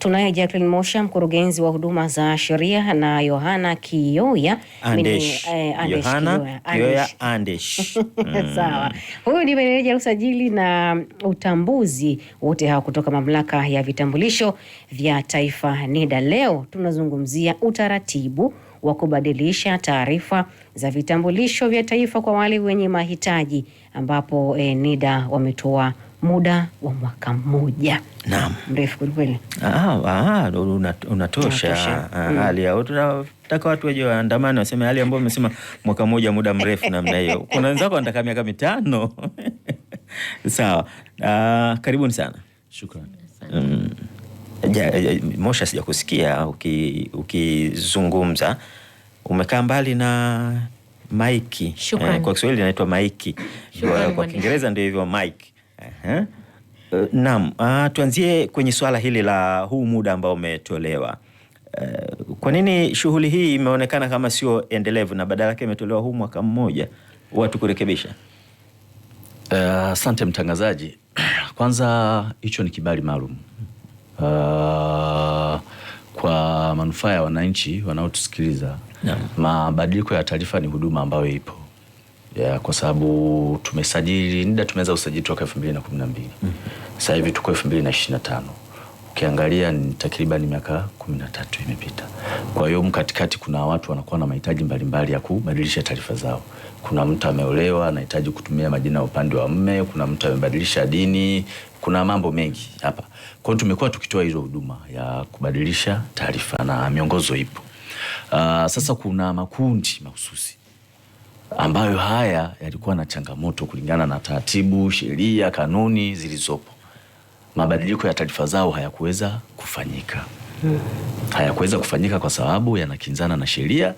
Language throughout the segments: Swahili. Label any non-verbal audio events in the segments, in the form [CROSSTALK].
Tunaye Jacqueline Mosha, mkurugenzi wa huduma za sheria na Yohana Kiyoya Andesh. Sawa, huyu ni meneja usajili na utambuzi, wote hawa kutoka mamlaka ya vitambulisho vya taifa NIDA. Leo tunazungumzia utaratibu wa kubadilisha taarifa za vitambulisho vya taifa kwa wale wenye mahitaji ambapo eh, NIDA wametoa muda wa mwaka mmoja. Naam, mrefu kwelikweli. Ah, ah, unatosha ah, mm. hali yao, taka watu waje waandamani waseme hali ambayo umesema mwaka mmoja, muda mrefu namna hiyo. [LAUGHS] Kuna wenzako wanataka miaka mitano. [LAUGHS] Sawa. Uh, karibuni sana. Shukrani. Mm. ja, ja, Mosha, sijakusikia ukizungumza, uki umekaa mbali na maiki eh, kwa Kiswahili inaitwa maiki, kwa Kiingereza ndio hivyo mike Uh, naam, uh, tuanzie kwenye swala hili la huu muda ambao umetolewa. Uh, kwa nini shughuli hii imeonekana kama sio endelevu na badala yake imetolewa huu mwaka mmoja watu kurekebisha? Eh, asante uh, mtangazaji. [CLEARS THROAT] Kwanza hicho ni kibali maalum uh, kwa manufaa ya wananchi wanaotusikiliza. Mabadiliko ya taarifa ni huduma ambayo ipo yeah, kwa sababu tumesajili NIDA tumeanza usajili toka 2012 mm. Mhm. Sasa hivi tuko 2025 ukiangalia ni takriban miaka 13 imepita. Kwa hiyo mkatikati kuna watu wanakuwa na mahitaji mbalimbali ya kubadilisha taarifa zao. Kuna mtu ameolewa anahitaji kutumia majina ya upande wa mme, kuna mtu amebadilisha dini, kuna mambo mengi hapa. Kwa hiyo tumekuwa tukitoa hizo huduma ya kubadilisha taarifa na miongozo ipo. Uh, sasa kuna makundi mahususi ambayo haya yalikuwa na changamoto kulingana na taratibu, sheria, kanuni zilizopo. Mabadiliko ya taarifa zao hayakuweza kufanyika, hayakuweza kufanyika kwa sababu yanakinzana na sheria.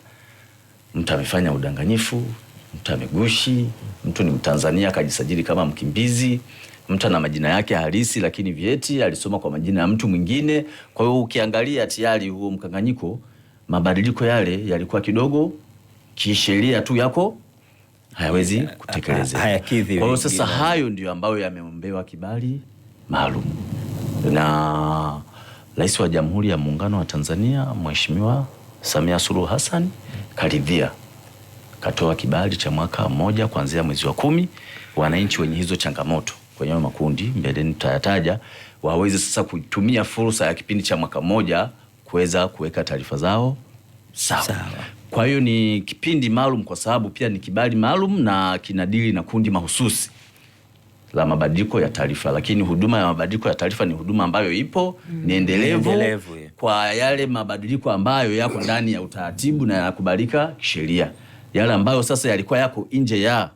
Mtu amefanya udanganyifu, mtu amegushi, mtu ni Mtanzania akajisajili kama mkimbizi, mtu ana majina yake halisi, lakini vyeti alisoma kwa majina ya mtu mwingine. Kwa hiyo ukiangalia tayari huo mkanganyiko, mabadiliko yale yalikuwa kidogo kisheria tu yako hayawezi kutekelezeka. Hayakidhi. Kwa hiyo sasa hayo ndio ambayo yameombewa kibali maalum na Rais wa Jamhuri ya Muungano wa Tanzania Mheshimiwa Samia Suluhu Hassan karidhia, katoa kibali cha mwaka mmoja kuanzia mwezi wa kumi. Wananchi wenye hizo changamoto kwenye makundi mbeleni tutayataja, waweze sasa kutumia fursa ya kipindi cha mwaka mmoja kuweza kuweka taarifa zao sawa. Kwa hiyo ni kipindi maalum kwa sababu pia ni kibali maalum na kinadili na kundi mahususi la mabadiliko ya taarifa. Lakini huduma ya mabadiliko ya taarifa ni huduma ambayo ipo mm, ni endelevu, yeah, kwa yale mabadiliko ambayo yako ndani ya utaratibu na yanakubalika kisheria. Yale ambayo sasa yalikuwa yako nje ya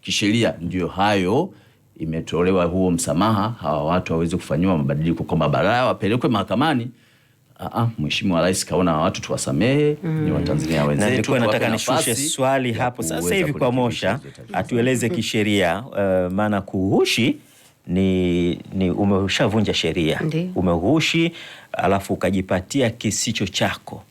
kisheria, ndio hayo imetolewa huo msamaha, hawa watu waweze kufanyiwa mabadiliko, kwamba badala wapelekwe mahakamani Ah, ah, Mheshimiwa Rais kaona watu tuwasamehe, mm. ni Watanzania wenzetu. nataka nishushe swali hapo sasa hivi kwa Mosha atueleze kisheria, uh, maana kuhushi ni, ni umeshavunja sheria, umeghushi alafu ukajipatia kisicho chako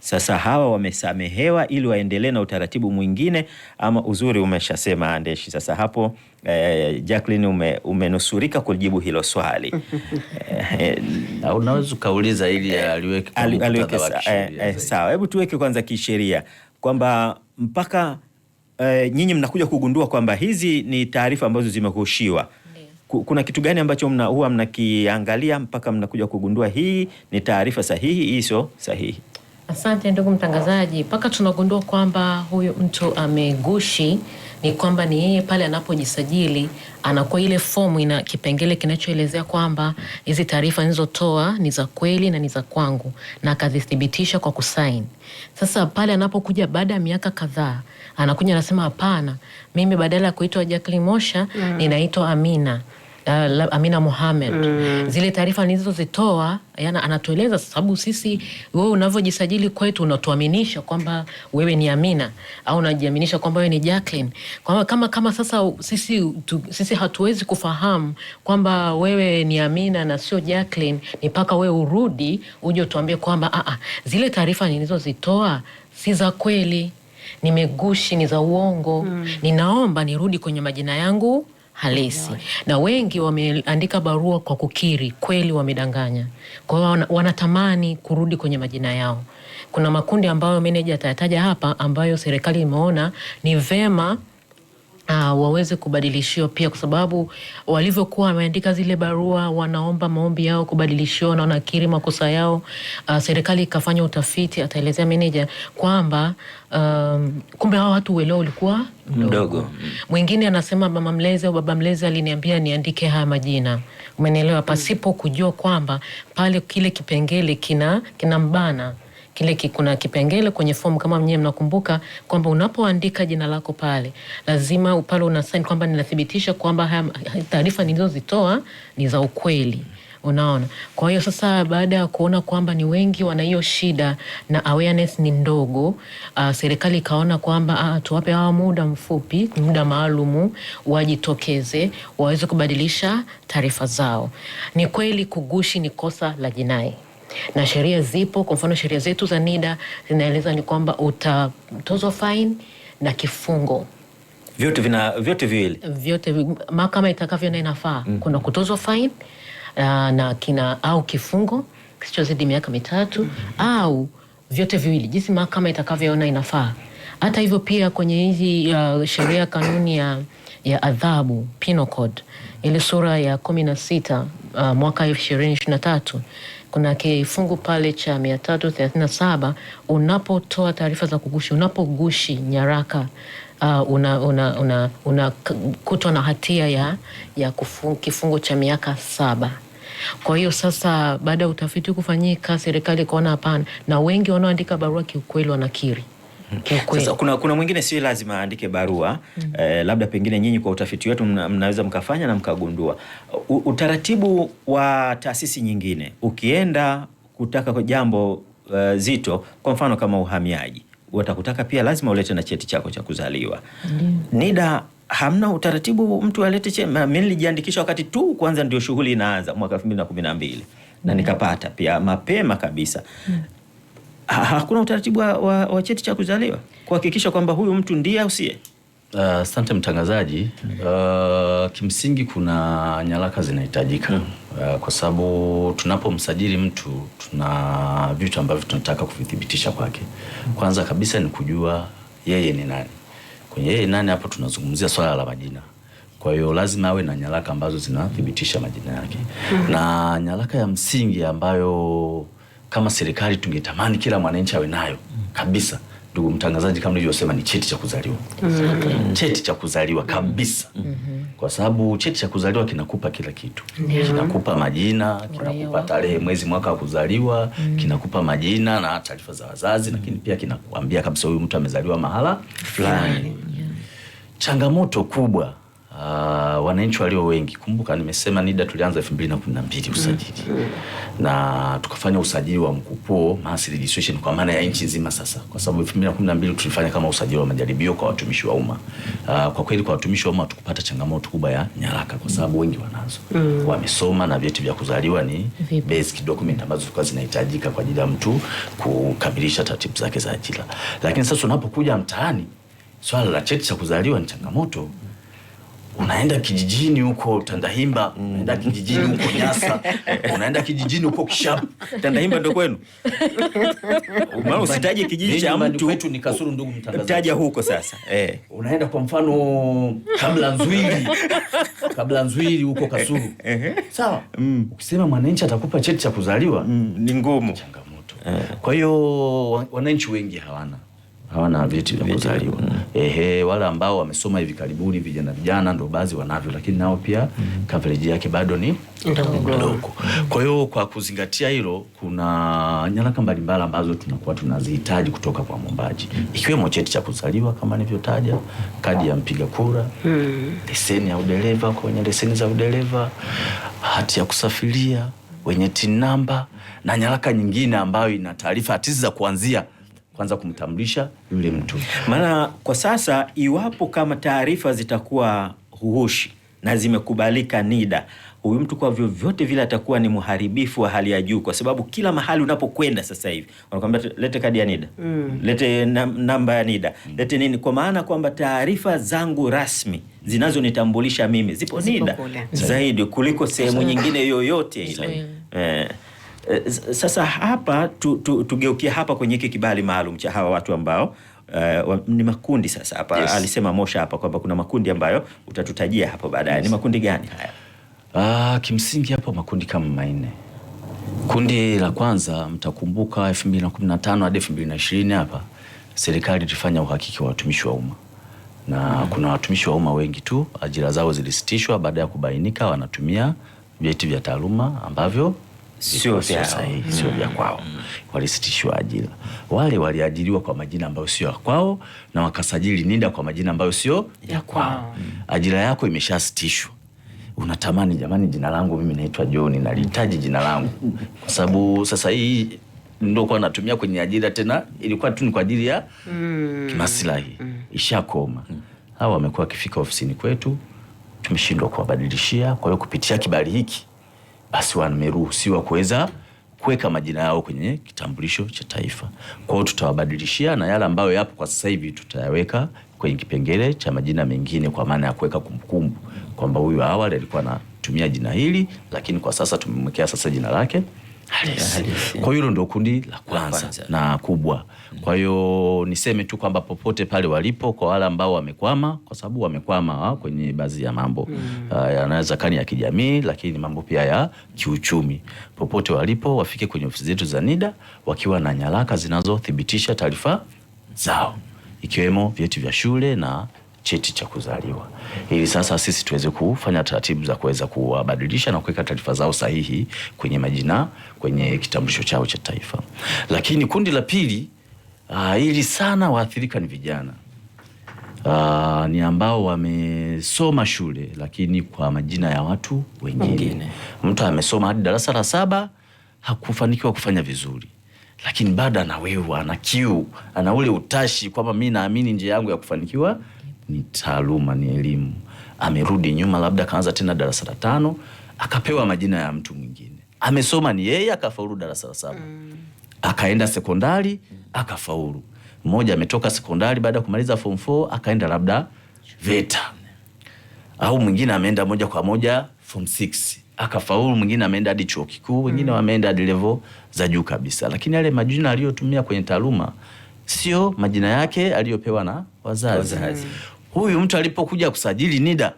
sasa hawa wamesamehewa ili waendelee na utaratibu mwingine, ama uzuri umeshasema Andeshi. Sasa hapo eh, Jacqueline ume, umenusurika kujibu hilo swali [LAUGHS] eh, eh unaweza ukauliza ili eh, aliweke eh, eh sawa. Hebu tuweke kwanza kisheria kwamba mpaka eh, nyinyi mnakuja kugundua kwamba hizi ni taarifa ambazo zimehushiwa kuna kitu gani ambacho mna huwa mnakiangalia mpaka mnakuja kugundua hii ni taarifa sahihi, hii sio sahihi? Asante ndugu mtangazaji, mpaka tunagundua kwamba huyu mtu amegushi ni kwamba ni yeye pale anapojisajili anakuwa ile fomu ina kipengele kinachoelezea kwamba hizi taarifa nilizotoa ni za kweli na ni za kwangu, na akazithibitisha kwa kusain Sasa pale anapokuja baada ya miaka kadhaa, anakuja anasema hapana, mimi badala ya kuitwa Jacqueline Mosha mm. ninaitwa Amina uh, Amina Mohamed mm. zile taarifa nilizozitoa, yana anatueleza sababu sisi, wewe unavyojisajili kwetu unatuaminisha kwamba wewe ni Amina au unajiaminisha kwamba wewe ni Jacqueline, kwamba kama kama sasa sisi, tu, sisi hatuwezi kufahamu kwamba wewe ni Amina na sio Jacqueline, ni mpaka wewe urudi uje utuambie kwamba a ah, a ah, zile taarifa nilizozitoa si za kweli, nimegushi, ni za uongo mm. ninaomba nirudi kwenye majina yangu halisi, na wengi wameandika barua kwa kukiri kweli wamedanganya. Kwa hiyo wanatamani kurudi kwenye majina yao. Kuna makundi ambayo meneja atayataja hapa, ambayo serikali imeona ni vema uh, waweze kubadilishiwa pia, kwa sababu walivyokuwa wameandika zile barua, wanaomba maombi yao kubadilishiwa na wanakiri makosa yao. Uh, serikali ikafanya utafiti, ataelezea meneja kwamba um, kumbe hawa watu uelewa ulikuwa mdogo. Mwingine anasema mama mlezi au baba mlezi aliniambia niandike haya majina, umenielewa, mm. pasipo kujua kwamba pale kile kipengele kina, kina mbana kile kuna kipengele kwenye fomu kama mnyewe mnakumbuka kwamba unapoandika jina lako pale lazima pale una sign kwamba ninathibitisha kwamba taarifa nilizozitoa ni za ukweli. Unaona, kwa hiyo sasa, baada ya kuona kwamba ni wengi wana hiyo shida na awareness ni ndogo, uh, serikali ikaona kwamba uh, tuwape hawa muda mfupi, muda maalumu, wajitokeze waweze kubadilisha taarifa zao. Ni kweli kugushi ni kosa la jinai na sheria zipo. Kwa mfano sheria zetu za NIDA zinaeleza ni kwamba utatozwa faini na kifungo vyote vina vyote viwili vyote mahakama itakavyo na inafaa. Mm. Kuna kutozwa faini uh, ah, na kina au kifungo kisichozidi miaka mitatu. Mm -hmm. au vyote viwili jinsi mahakama itakavyoona inafaa. Hata hivyo pia kwenye hizi uh, sheria kanuni ya ya adhabu Penal Code ile sura ya kumi na sita uh, mwaka elfu ishirini ishirini na tatu kuna kifungu pale cha mia saba unapotoa taarifa za kugushi, unapogushi nyaraka uh, una, una, una, una kutwa na hatia ya, ya kufungu, kifungo cha miaka saba. Kwa hiyo sasa, baada ya utafiti kufanyika, serikali ikaona hapana, na wengi wanaoandika barua kiukweli wanakiri sasa kuna, kuna mwingine si lazima aandike barua mm. Eh, labda pengine nyinyi kwa utafiti wetu mna, mnaweza mkafanya na mkagundua U, utaratibu wa taasisi nyingine ukienda kutaka kwa jambo uh, zito, kwa mfano kama uhamiaji watakutaka pia lazima ulete na cheti chako cha kuzaliwa mm. NIDA hamna utaratibu mtu alete cheti. Mimi nilijiandikisha wakati tu kwanza ndio shughuli inaanza mwaka 2012 na, na nikapata pia mapema kabisa mm hakuna utaratibu wa, wa, wa cheti cha kuzaliwa kuhakikisha kwamba huyu mtu ndiye au sie uh, Asante uh, mtangazaji. Uh, kimsingi kuna nyaraka zinahitajika hmm. Uh, kwa sababu tunapomsajili mtu tuna vitu ambavyo tunataka kuvithibitisha kwake. Hmm. Kwanza kabisa ni kujua yeye ni nani. Kwenye yeye nani hapo tunazungumzia swala la majina. Kwa hiyo lazima awe na nyaraka ambazo zinathibitisha majina yake hmm. na nyaraka ya msingi ambayo kama serikali tungetamani kila mwananchi awe nayo kabisa. Ndugu mtangazaji, kama nilivyosema ni cheti cha kuzaliwa mm -hmm. cheti cha kuzaliwa kabisa mm -hmm. kwa sababu cheti cha kuzaliwa kinakupa kila kitu -hmm. kinakupa majina, kinakupa tarehe, mwezi, mwaka wa kuzaliwa mm -hmm. kinakupa majina na taarifa za wazazi, lakini pia kinakuambia kabisa huyu mtu amezaliwa mahala fulani yeah. changamoto kubwa Ah, wananchi walio wengi, kumbuka nimesema NIDA tulianza 2012 usajili mm. na tukafanya usajili wa mkupuo mass registration kwa maana ya nchi nzima sasa, kwa sababu 2012 tulifanya kama usajili wa majaribio kwa watumishi wa umma uh, kwa kweli kwa watumishi wa umma tukupata changamoto kubwa ya nyaraka, kwa sababu wengi wanazo mm. wamesoma na vyeti vya kuzaliwa ni basic document ambazo zilikuwa zinahitajika kwa ajili ya mtu kukamilisha taratibu zake za ajira, lakini sasa unapokuja mtaani swala la cheti cha kuzaliwa ni changamoto mm unaenda kijijini huko Tandahimba mm. unaenda kijijini huko Nyasa [LAUGHS] unaenda kijijini huko Kishapu. Tandahimba ndo kwenu? [LAUGHS] maana usitaje kijiji cha mtu wetu ni kasuru, ndugu mtangazaji, taja huko sasa [LAUGHS] eh. unaenda kwa mfano kabla nzwiri kabla nzwili huko Kasuru sawa mm. ukisema mwananchi atakupa cheti cha kuzaliwa mm, ni ngumu, changamoto eh. kwa hiyo wananchi wengi hawana hawana vyeti vya kuzaliwa mm. Ehe, wale ambao wamesoma hivi karibuni, vijana vijana ndo baadhi wanavyo, lakini nao pia mm. coverage yake bado ni ndogo. Mm. Kwa hiyo kwa kuzingatia hilo, kuna nyaraka mbalimbali ambazo tunakuwa tunazihitaji kutoka kwa mwombaji mm. ikiwemo cheti cha kuzaliwa kama nilivyotaja, kadi ya mpiga kura mm. leseni ya udereva kwa wenye leseni za udereva, hati ya kusafiria wenye TIN namba na nyaraka nyingine ambayo ina taarifa hatisi za kuanzia kwanza kumtambulisha yule mtu, maana kwa sasa iwapo kama taarifa zitakuwa huhushi na zimekubalika NIDA, huyu mtu kwa vyovyote vile atakuwa ni mharibifu wa hali ya juu, kwa sababu kila mahali unapokwenda sasa hivi wanakuambia lete kadi ya NIDA mm. lete namba ya NIDA mm. lete nini, kwa maana kwamba taarifa zangu rasmi zinazonitambulisha mimi zipo NIDA zaidi kuliko sehemu nyingine yoyote ile eh. Eh, sasa hapa tu, tu, tugeukia hapa kwenye hiki kibali maalum cha hawa watu ambao Uh, ni makundi sasa hapa yes. Alisema Mosha hapa kwamba kuna makundi ambayo utatutajia hapo baadaye yes. Ni makundi gani haya? Uh, kimsingi hapo makundi kama manne. Kundi la kwanza mtakumbuka 2015 hadi 2020 hapa serikali ilifanya uhakiki wa watumishi wa umma na -hmm. Kuna watumishi wa umma wengi tu ajira zao zilisitishwa baada ya kubainika wanatumia vyeti vya taaluma ambavyo sio vya sahihi, mm. sio vya kwao. Mm. Walisitishwa ajira, wale waliajiriwa kwa majina ambayo sio ya kwao na wakasajili NIDA kwa majina ambayo sio ya kwao. Mm. Ajira yako imeshasitishwa unatamani jamani, jina langu mimi naitwa John, nalihitaji jina langu kwa sababu sasa hii ndio kwa natumia kwenye ajira tena, ilikuwa tu ni kwa ajili ya mm. kimaslahi mm. ishakoma hawa wamekuwa wakifika ofisini kwetu, tumeshindwa kuwabadilishia. Kwa hiyo kupitia kibali hiki basi wameruhusiwa kuweza kuweka majina yao kwenye kitambulisho cha taifa. Kwa hiyo tutawabadilishia, na yale ambayo yapo kwa sasa hivi tutayaweka kwenye kipengele cha majina mengine, kwa maana ya kuweka kumbukumbu kwamba huyu awali alikuwa anatumia jina hili, lakini kwa sasa tumemwekea sasa jina lake. Kwa hiyo hilo ndio kundi la kwanza, kwanza na kubwa. Kwa hiyo niseme tu kwamba popote pale walipo, kwa wale ambao wamekwama, kwa sababu wamekwama ah, kwenye baadhi ya mambo mm. uh, yanaweza kani ya kijamii, lakini mambo pia ya kiuchumi, popote walipo wafike kwenye ofisi zetu za NIDA wakiwa na nyaraka zinazothibitisha taarifa zao ikiwemo vyeti vya shule na cheti cha kuzaliwa ili sasa sisi tuweze kufanya taratibu za kuweza kuwabadilisha na kuweka taarifa zao sahihi kwenye majina kwenye kitambulisho chao cha taifa. Lakini kundi la pili uh, ah, ili sana waathirika ni vijana uh, ni ambao wamesoma shule lakini kwa majina ya watu wengine, wengine. Mtu amesoma hadi darasa la saba hakufanikiwa kufanya vizuri lakini bado ana wewe ana kiu ana ule utashi kwamba mi naamini njia yangu ya kufanikiwa ni taaluma, ni elimu. Amerudi nyuma, labda akaanza tena darasa la tano akapewa majina ya mtu mwingine. Amesoma ni yeye, akafaulu darasa la saba mm. akaenda sekondari akafaulu. Mmoja ametoka sekondari baada ya kumaliza form 4 akaenda labda VETA, au mwingine ameenda moja kwa moja form 6 akafaulu, mwingine ameenda hadi chuo kikuu, wengine mm. wameenda hadi level za juu kabisa, lakini yale majina aliyotumia kwenye taaluma sio majina yake aliyopewa na wazazi, wazazi. Mm huyu mtu alipokuja kusajili NIDA,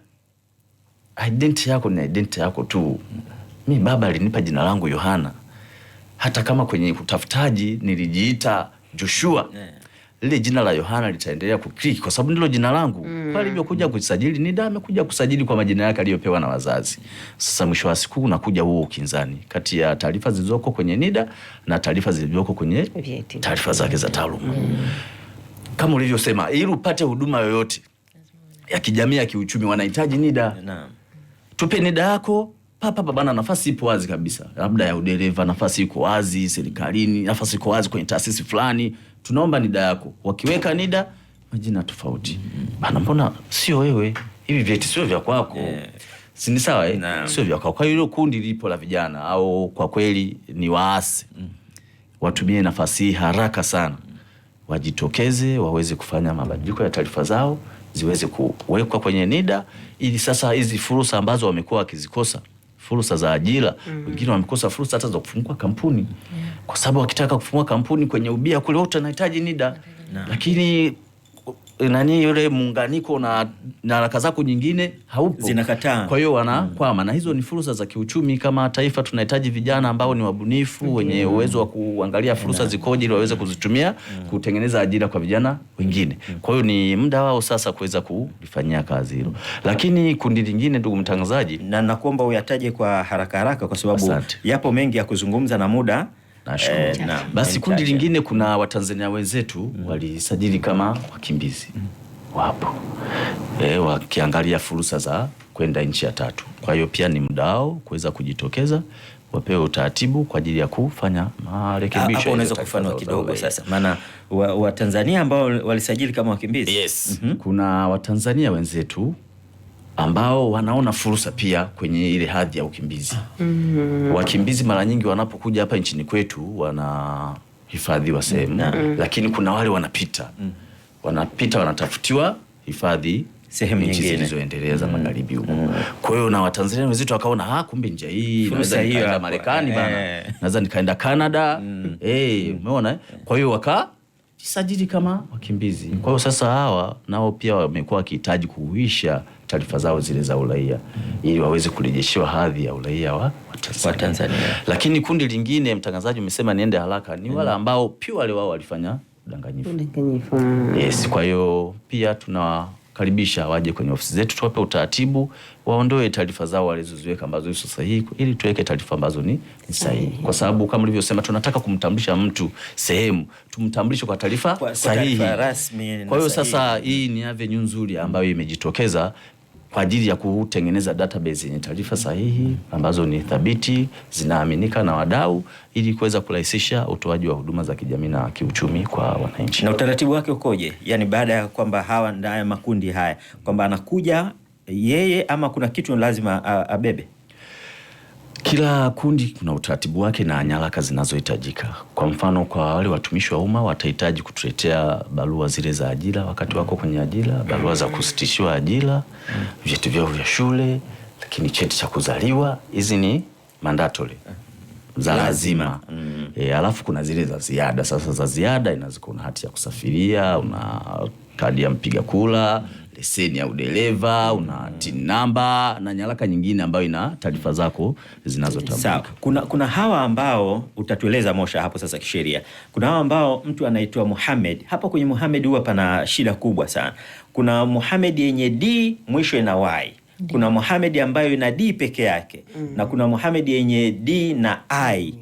identity yako ni identity yako tu. Mi baba alinipa jina langu Yohana, hata kama kwenye utafutaji nilijiita Joshua yeah. Lile jina la Yohana litaendelea kukliki kwa sababu ndilo jina langu mm. Alivyokuja kusajili NIDA amekuja kusajili kwa majina yake aliyopewa na wazazi. Sasa mwisho wa siku unakuja huo ukinzani kati ya taarifa zilizoko kwenye NIDA na taarifa zilizoko kwenye taarifa zake za taaluma mm. Kama ulivyosema, ili upate huduma yoyote ya kijamii ya kiuchumi wanahitaji NIDA. Naam. Tupe NIDA yako papa pa, bana, nafasi ipo wazi kabisa, labda ya udereva, nafasi iko wazi serikalini, nafasi iko wazi kwenye taasisi fulani, tunaomba NIDA yako. Wakiweka NIDA majina tofauti mm -hmm. Bana, mbona sio wewe, hivi vyeti sio vya kwako yeah. Si ni sawa eh? Sio vya kwako. Kwa hiyo kundi lipo la vijana au kwa kweli ni waasi mm. Watumie nafasi hii haraka sana, wajitokeze waweze kufanya mabadiliko ya taarifa zao ziweze kuwekwa kwenye NIDA ili sasa hizi fursa ambazo wamekuwa wakizikosa fursa za ajira mm. Wengine wamekosa fursa hata za kufungua kampuni yeah. Kwa sababu wakitaka kufungua kampuni kwenye ubia kule wote wanahitaji NIDA no. Lakini Eh, nani yule muunganiko na haraka zako nyingine haupo, zinakataa. Kwa hiyo wanakwama, na hizo mm. ni fursa za kiuchumi. Kama taifa tunahitaji vijana ambao ni wabunifu mm wenye uwezo wa kuangalia fursa mm. zikoje ili waweze mm. kuzitumia mm kutengeneza ajira kwa vijana wengine. Kwa hiyo ni muda wao sasa kuweza kulifanyia kazi hilo, lakini kundi lingine, ndugu mtangazaji, na nakuomba uyataje kwa haraka haraka, kwa sababu Asante. yapo mengi ya kuzungumza na muda Eh, basi yaani kundi lingine kuna Watanzania wenzetu mm. walisajili kama wakimbizi mm. wapo e, wakiangalia fursa za kwenda nchi ya tatu. Kwa hiyo pia ni muda wao kuweza kujitokeza wapewe utaratibu kwa ajili ya kufanya marekebisho. Hapo unaweza kufanua kidogo sasa, maana Watanzania wa ambao walisajili kama wakimbizi yes. mm -hmm. kuna Watanzania wenzetu ambao wanaona fursa pia kwenye ile hadhi ya ukimbizi. mm -hmm. Wakimbizi mara nyingi wanapokuja hapa nchini kwetu wanahifadhiwa sehemu. mm -hmm. Lakini kuna wale wanapita, mm -hmm. wanapita wanatafutiwa hifadhi sehemu nyingine zilizoendelea za mhm. magharibi huko. mm -hmm. Kwa hiyo na Watanzania wenzetu wakaona, ah, kumbe njia hii naweza nikaenda Marekani eh. bana, naweza nikaenda Canada. Mhm. Eh, umeona. Eh? Eh. Kwa hiyo waka kama wakimbizi. Mm. Kwa hiyo sasa hawa nao pia wamekuwa wakihitaji kuhuisha taarifa zao zile za uraia mm. ili waweze kurejeshewa hadhi ya uraia wa Tanzania. Tanzania. Lakini kundi lingine mtangazaji umesema niende haraka ni mm. wale ambao pia wale wao walifanya udanganyifu. Yes, kwa hiyo pia tunawakaribisha waje kwenye ofisi zetu tuwape utaratibu waondoe taarifa zao walizoziweka ambazo sio sahihi ili tuweke taarifa ambazo ni sahihi. Kwa sababu kama ulivyosema tunataka kumtambulisha mtu sehemu, tumtambulishe kwa taarifa sahihi. Kwa hiyo sasa hii ni avenue nzuri ambayo imejitokeza kwa ajili ya kutengeneza database yenye taarifa sahihi ambazo ni thabiti, zinaaminika na wadau, ili kuweza kurahisisha utoaji wa huduma za kijamii na kiuchumi kwa wananchi. Na utaratibu wake ukoje? Yani baada ya kwamba hawa ndio makundi haya kwamba anakuja yeye ama kuna kitu lazima abebe? Kila kundi kuna utaratibu wake na nyaraka zinazohitajika. Kwa mfano, kwa wale watumishi wa umma watahitaji kutuletea barua zile za ajira, wakati wako kwenye ajira, barua za kusitishiwa ajira, vyeti vyao vya shule, lakini cheti cha kuzaliwa. Hizi ni mandatory za lazima mm. E, alafu kuna zile za ziada. Sasa za ziada inaweza kuna hati ya kusafiria, una kadi ya mpiga kura leseni ya udereva, una mm. tin namba na nyaraka nyingine ambayo ina taarifa zako zinazotambulika. Sawa. Kuna, kuna hawa ambao utatueleza Mosha hapo sasa kisheria. Kuna hawa ambao mtu anaitwa Muhammad. Hapo kwenye Muhammad huwa pana shida kubwa sana. Kuna Muhammad yenye D mwisho ina Y. Kuna Muhammad ambayo ina D peke yake mm na kuna Muhammad yenye D na I.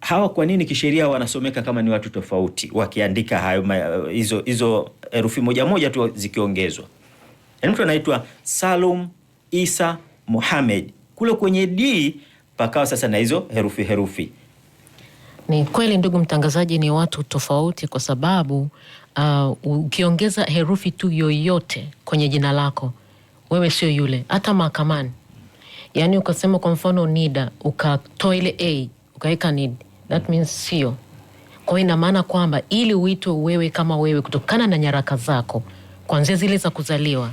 Hawa kwa nini kisheria wanasomeka kama ni watu tofauti wakiandika hayo hizo hizo herufi moja moja tu zikiongezwa. mtu anaitwa Salum Isa Mohamed, kule kwenye D pakawa sasa na hizo herufi herufi. Ni kweli ndugu mtangazaji, ni watu tofauti kwa sababu uh, ukiongeza herufi tu yoyote kwenye jina lako wewe sio yule, hata mahakamani. Yaani ukasema kwa mfano NIDA ukatoa ile a ukaweka NID, that means sio kwa hiyo ina maana kwamba ili uitwe wewe kama wewe kutokana na nyaraka zako kuanzia zile za kuzaliwa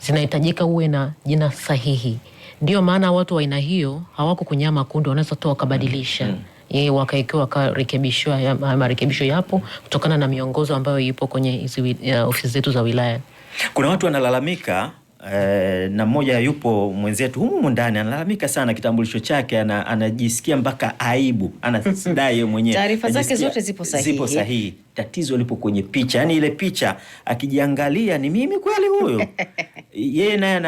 zinahitajika uwe na jina sahihi. Ndio maana watu wa aina hiyo hawako kwenye makundi, wanaweza tu wakabadilisha mm. Mm-hmm. Yeye wakaekewa wakarekebishwa marekebisho yapo kutokana na miongozo ambayo ipo kwenye hizi ofisi zetu za wilaya. Kuna watu wanalalamika Eh, na mmoja yupo mwenzetu humu ndani analalamika sana kitambulisho chake, anajisikia mpaka aibu, anasidai [LAUGHS] mwenyewe taarifa zake zote zipo sahihi. Zipo sahihi, tatizo lipo kwenye picha, yani ile picha akijiangalia, ni mimi kweli huyo? [LAUGHS] yeye naye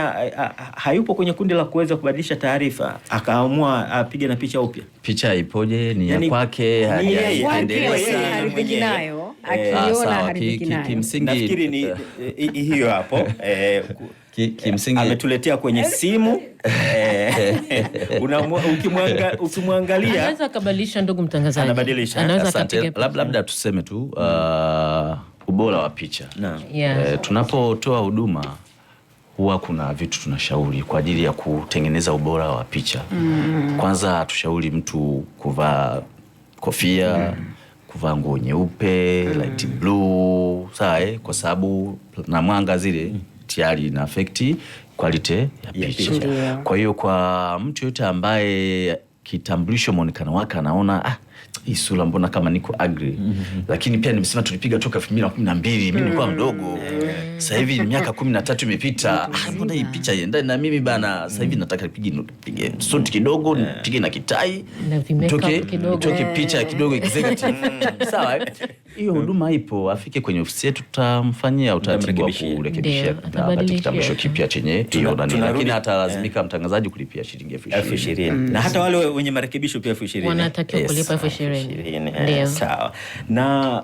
hayupo kwenye kundi la kuweza kubadilisha taarifa, akaamua apige na picha upya. Picha ipoje? Ni ya yaani kwake, haiendelewi sana akiona ah, nafikiri ni hiyo hapo [LAUGHS] eh, Kimsingi ametuletea kwenye eh, simu eh. [LAUGHS] ukimwangalia, anaweza akabadilisha, ndugu mtangazaji, anabadilisha. Asante, labda tuseme tu mm. uh, ubora wa picha yeah. Eh, tunapotoa huduma huwa kuna vitu tunashauri kwa ajili ya kutengeneza ubora wa picha mm. Kwanza tushauri mtu kuvaa kofia mm kuvaa nguo nyeupe mm. light blue sawa, eh, kwa sababu na mwanga zile mm. tayari ina affect quality ya picha yeah. Kwa hiyo kwa mtu yote ambaye kitambulisho mwonekano wake anaona ah, hii sura mbona kama niko agri mm -hmm. Lakini pia nimesema tulipiga toka elfu mbili na kumi na mbili mi nilikuwa mm-hmm. mdogo, sasa hivi miaka kumi na tatu imepita. Ah, mbona hii picha iendane na mimi bana? Sasa hivi nataka nipige nipige suti kidogo, nipige na kitai, toke picha kidogo executive, [LAUGHS] sawa eh? hiyo huduma ipo, afike kwenye ofisi yetu, tutamfanyia utaratibu wa kurekebishia apate kitambulisho kipya chenye hiyo nani, lakini atalazimika eh. mtangazaji kulipia shilingi elfu ishirini mm. na hata wale wenye marekebisho pia elfu ishirini wanatakiwa kulipa elfu ishirini eh, Ndio sawa. Na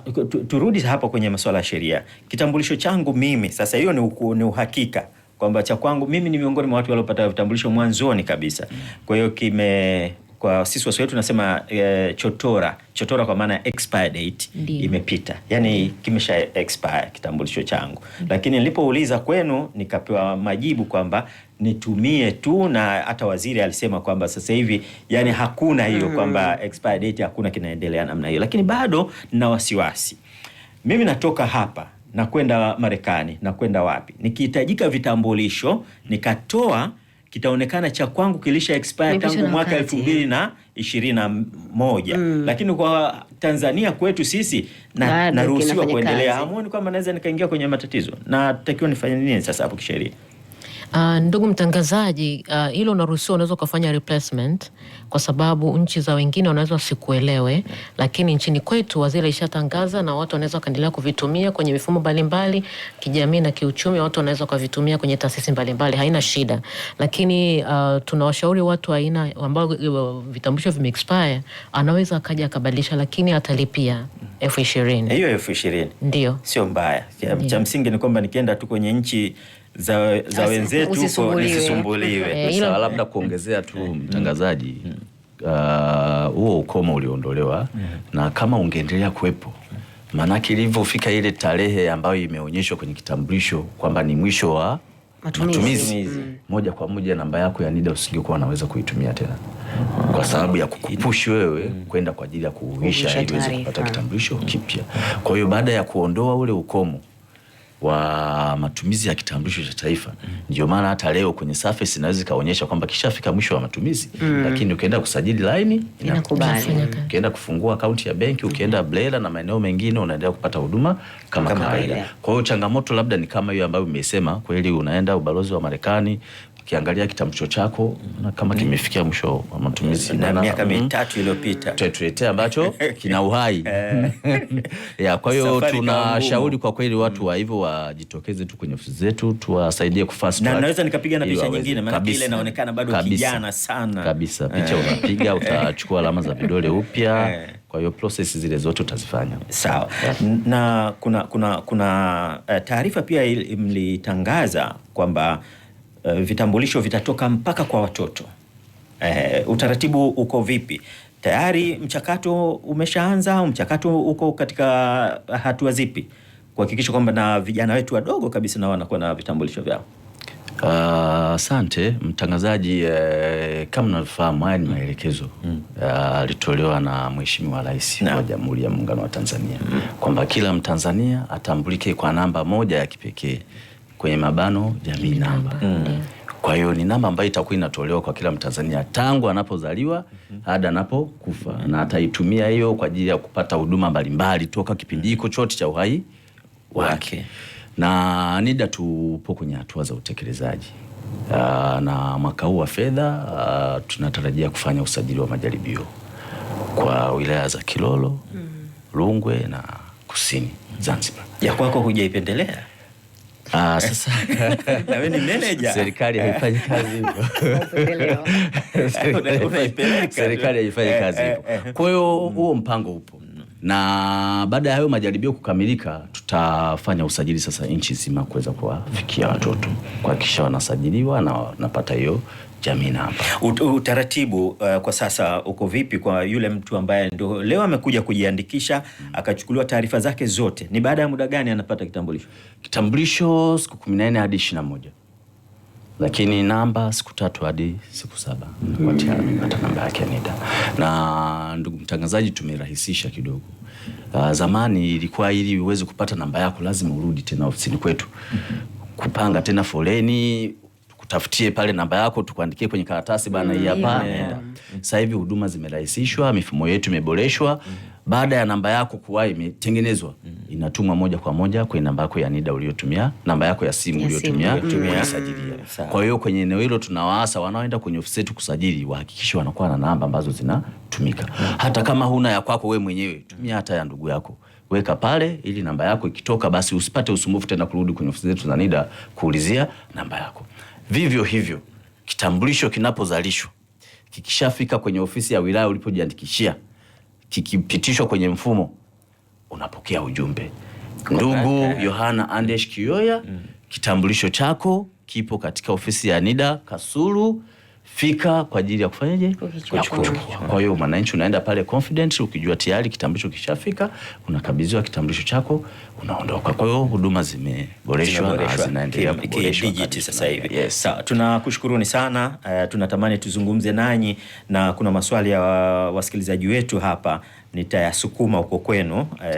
turudi hapa kwenye masuala ya sheria, kitambulisho changu mimi sasa, hiyo ni uhakika kwamba cha kwangu mimi ni miongoni mwa watu waliopata vitambulisho mwanzoni kabisa. Mm. Kwa hiyo kime kwa sisi Waswahili tunasema e, chotora chotora, kwa maana expire date imepita, yani kimesha expire kitambulisho changu -hmm. Lakini nilipouliza kwenu nikapewa majibu kwamba nitumie tu, na hata waziri alisema kwamba sasa hivi yani hakuna hiyo mm. kwamba expire date hakuna kinaendelea namna hiyo, lakini bado nina wasiwasi mimi natoka hapa na kwenda Marekani nakwenda wapi, nikihitajika vitambulisho nikatoa kitaonekana cha kwangu kilisha expire tangu mwaka elfu mbili na ishirini na moja mm. Lakini kwa Tanzania kwetu sisi na, naruhusiwa kuendelea. Hamuoni kwamba naweza nikaingia kwenye matatizo? Natakiwa nifanye nini sasa hapo kisheria? Uh, ndugu mtangazaji, uh, ah, ilo unaruhusiwa, unaweza ukafanya replacement kwa sababu nchi za wengine wanaweza wasikuelewe, lakini nchini kwetu waziri ishatangaza na watu wanaweza wakaendelea kuvitumia kwenye mifumo mbalimbali kijamii na kiuchumi, watu wanaweza wakavitumia kwenye taasisi mbalimbali, haina shida. Lakini uh, tunawashauri watu aina ambao eh, vitambulisho vimeexpire, anaweza akaja akabadilisha, lakini atalipia elfu ishirini. Hiyo elfu ishirini ndio sio mbaya. Cha msingi ni kwamba nikienda tu kwenye nchi za, za wenzetu nisisumbuliwe. Eh, Sawa, labda kuongezea tu mm. mtangazaji, mm. Uh, huo uh, ukoma uliondolewa mm. na kama ungeendelea kuwepo maanake ilivyofika ile tarehe ambayo imeonyeshwa kwenye kitambulisho kwamba ni mwisho wa matumizi, matumizi. Mm. Moja kwa moja namba yako ya NIDA usingekuwa unaweza kuitumia tena kwa sababu ya kukupushi wewe mm. kwenda kwa ajili ya kuuisha ili uweze kupata kitambulisho kipya. Kwa hiyo baada ya kuondoa ule ukomo wa matumizi ya kitambulisho cha taifa mm. Ndio maana hata leo kwenye surface inaweza kaonyesha kwamba kishafika mwisho wa matumizi mm. Lakini ukienda kusajili laini inakubali, ukienda kufungua akaunti ya benki, ukienda mm. BRELA na maeneo mengine unaendelea kupata huduma kama kawaida. Kwa hiyo changamoto labda ni kama hiyo ambayo umesema kweli unaenda ubalozi wa Marekani ukiangalia kitamcho chako na kama mm-hmm. kimefikia mwisho wa matumizi na miaka mm-hmm. mitatu iliyopita tuletea ambacho kina uhai [LAUGHS] eh. [LAUGHS] ya. Kwa hiyo tunashauri kwa kweli watu mm. wa hivyo wajitokeze tu kwenye ofisi zetu tuwasaidie fast track, na naweza nikapiga na picha nyingine, maana ile inaonekana bado kijana sana kabisa. Eh. Picha unapiga [LAUGHS] utachukua alama za vidole upya eh. kwa hiyo process zile zote utazifanya sawa. Na kuna, kuna, kuna taarifa pia mlitangaza kwamba Eh, vitambulisho vitatoka mpaka kwa watoto. Eh, utaratibu uko vipi? Tayari mchakato umeshaanza? Mchakato uko katika hatua zipi kuhakikisha kwamba na vijana wetu wadogo kabisa na wanakuwa na vitambulisho vyao? Ah, asante uh, mtangazaji. Eh, kama unavyofahamu haya ni maelekezo yalitolewa mm. uh, na Mheshimiwa Rais no. wa Jamhuri ya Muungano wa Tanzania mm. kwamba kila Mtanzania atambulike kwa namba moja ya kipekee kwenye mabano jamii namba mm. Kwa hiyo ni namba ambayo itakuwa inatolewa kwa kila Mtanzania tangu anapozaliwa mhm. hadi anapokufa, na ataitumia hiyo kwa ajili ya kupata huduma mbalimbali toka kipindi hiko chote cha uhai wake, na NIDA tupo kwenye hatua za utekelezaji. Uh, na mwaka huu wa fedha uh, tunatarajia kufanya usajili wa majaribio kwa wilaya za Kilolo, mm. Rungwe na Kusini Zanzibar. Ya kwako hujaipendelea? Ah, sasa [LAUGHS] na wewe ni manager. Serikali haifanyi kazi hivyo. [LAUGHS] Serikali haifanyi eh, kazi eh, hivyo. Eh. Kwa hiyo huo mpango upo na baada ya hayo majaribio kukamilika, tutafanya usajili sasa nchi zima kuweza kuwafikia watoto kuhakikisha wanasajiliwa na wanapata hiyo Jamina hapa. utaratibu uh, kwa sasa uko vipi kwa yule mtu ambaye ndo leo amekuja kujiandikisha mm. akachukuliwa taarifa zake zote, ni baada ya muda gani anapata kitambulisho? Kitambulisho siku kumi na nne hadi ishirini na moja lakini namba siku tatu hadi siku saba mm. tayari namba yake NIDA. Na ndugu mtangazaji, tumerahisisha kidogo. Uh, zamani ilikuwa ili uweze kupata namba yako lazima urudi tena ofisini kwetu kupanga tena foleni tukutafutie pale namba yako tukuandikie kwenye karatasi bana, hii hapa nenda. Mm. Sasa hivi huduma zimerahisishwa, mifumo yetu imeboreshwa. Baada ya namba yako kuwa imetengenezwa, mm. inatumwa moja kwa moja kwenye namba yako ya NIDA uliyotumia, namba yako ya simu uliyotumia kusajilia. Mm. Kwa hiyo kwenye eneo hilo tunawaasa wanaoenda kwenye ofisi yetu kusajili wahakikishe wanakuwa na namba ambazo zinatumika. mm. Hata kama huna ya kwako wewe mwenyewe, tumia hata ya ndugu yako weka pale ili namba yako ikitoka basi usipate usumbufu tena kurudi kwenye ofisi zetu za NIDA kuulizia namba yako. Vivyo hivyo kitambulisho kinapozalishwa kikishafika kwenye ofisi ya wilaya ulipojiandikishia, kikipitishwa kwenye mfumo, unapokea ujumbe, ndugu Yohana Andesh Kiyoya, mm. kitambulisho chako kipo katika ofisi ya NIDA Kasulu fika kwa ajili ya kufanyaje, kuchukua. Kwa hiyo mwananchi unaenda pale confident, ukijua tayari kitambulisho kishafika, unakabidhiwa kitambulisho chako, unaondoka. Kwa hiyo huduma zimeboreshwa na zinaendelea kuboreshwa sasa hivi. Yes. Sawa, tunakushukuruni sana. Uh, tunatamani tuzungumze nanyi na kuna maswali ya wasikilizaji wetu hapa nitayasukuma huko kwenu. Uh,